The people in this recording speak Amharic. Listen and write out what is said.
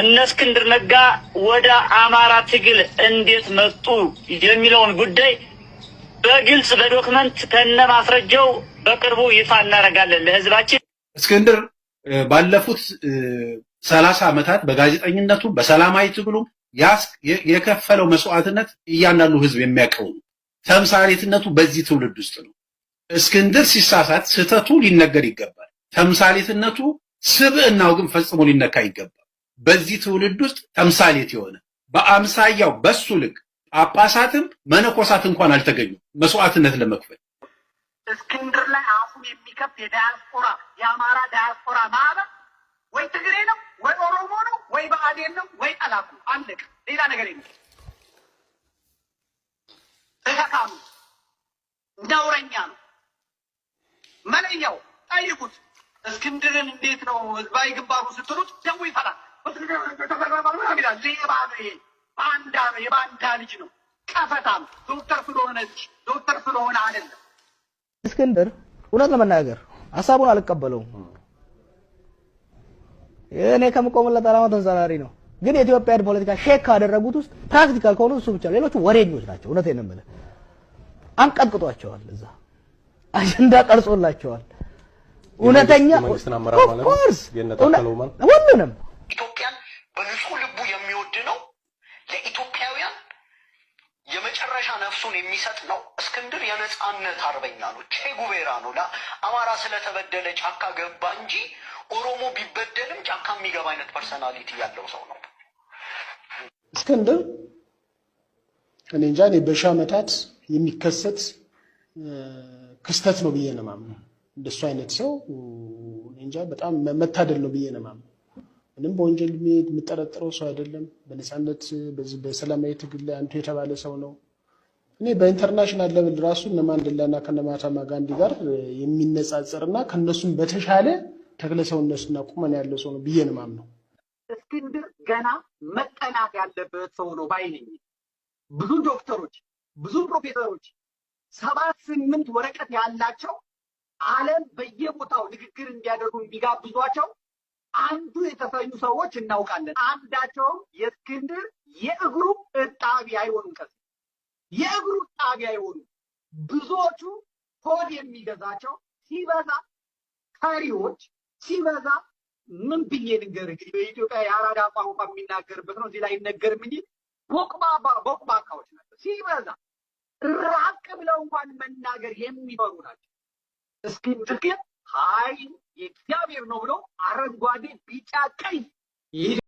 እነ እስክንድር ነጋ ወደ አማራ ትግል እንዴት መጡ የሚለውን ጉዳይ በግልጽ በዶክመንት ከነ ማስረጃው በቅርቡ ይፋ እናደርጋለን ለህዝባችን። እስክንድር ባለፉት ሰላሳ ዓመታት በጋዜጠኝነቱም በሰላማዊ ትግሉ የከፈለው መስዋዕትነት እያንዳንዱ ህዝብ የሚያውቀው ነው። ተምሳሌትነቱ በዚህ ትውልድ ውስጥ ነው። እስክንድር ሲሳሳት ስህተቱ ሊነገር ይገባል። ተምሳሌትነቱ ስብዕናው ግን ፈጽሞ ሊነካ ይገባል። በዚህ ትውልድ ውስጥ ተምሳሌት የሆነ በአምሳያው በሱ ልክ ጳጳሳትም መነኮሳት እንኳን አልተገኙም መስዋዕትነት ለመክፈል እስክንድር ላይ አፉን የሚከፍት የዳያስፖራ የአማራ ዳያስፖራ ማህበር ወይ ትግሬ ነው ወይ ኦሮሞ ነው ወይ በአዴን ነው ወይ ጠላኩ አለቅ ሌላ ነገር የለም። ተሸካሚ ነውረኛ ነው መለያው። ጠይቁት እስክንድርን እንዴት ነው ህዝባዊ ግንባሩ ስትሉት ደው ይፈላል። ሌባ ባንዳ ነው፣ የባንዳ ልጅ ነው፣ ቀፈታም ዶክተር ዶክተር ስለሆነ አይደለም። እስክንድር እውነት ለመናገር ሀሳቡን አልቀበለውም። እኔ ከምቆምለት ዓላማ ተንጸራሪ ነው። ግን የኢትዮጵያን ፖለቲካ ሼክ ካደረጉት ውስጥ ፕራክቲካል ከሆኑ እሱ ብቻ፣ ሌሎቹ ወሬኞች ናቸው። እውነቴን ነው የምልህ፣ አንቀጥቅጧቸዋል። እዛ አጀንዳ ቀርጾላቸዋል። እውነተኛ ኮርስ ሁሉንም መጨረሻ ነፍሱን የሚሰጥ ነው። እስክንድር የነጻነት አርበኛ ነው፣ ቼ ጉቬራ ነው። አማራ ስለተበደለ ጫካ ገባ እንጂ ኦሮሞ ቢበደልም ጫካ የሚገባ አይነት ፐርሰናሊቲ ያለው ሰው ነው እስክንድር። እኔ እንጃ እኔ በሺ ዓመታት የሚከሰት ክስተት ነው ብዬ ነው የማምነው። እንደሱ አይነት ሰው እንጃ በጣም መታደል ነው ብዬ ነው የማምነው። ምንም በወንጀል የምጠረጥረው ሰው አይደለም። በነፃነት በዚህ በሰላማዊ ትግል ላይ አንቱ የተባለ ሰው ነው። እኔ በኢንተርናሽናል ለብል ራሱ እነ ማንዴላና ከነ ማህተማ ጋንዲ ጋር የሚነጻጸር እና ከነሱም በተሻለ ተክለ ሰውነትና ቁመን ያለው ሰው ነው ብዬ ነው የማምነው። እስክንድር ገና መጠናት ያለበት ሰው ነው ባይ ብዙ ዶክተሮች፣ ብዙ ፕሮፌሰሮች ሰባት ስምንት ወረቀት ያላቸው ዓለም በየቦታው ንግግር እንዲያደርጉ እንዲጋብዟቸው አንዱ የተሰኙ ሰዎች እናውቃለን። አንዳቸውም የእስክንድር የእግሩ እጣቢ አይሆኑም። ቀስ የእግሩ ጣቢያ የሆኑ ብዙዎቹ ሆድ የሚገዛቸው ሲበዛ ከሪዎች ሲበዛ ምን ብዬ ንገር በኢትዮጵያ የአራዳ ቋንቋ የሚናገርበት ነው። እዚህ ላይ ይነገር ምን ቦቅባቃዎች ናቸው። ሲበዛ ራቅ ብለው እንኳን መናገር የሚፈሩ ናቸው። እስክንድር ሀይ የእግዚአብሔር ነው ብለው አረንጓዴ፣ ቢጫ፣ ቀይ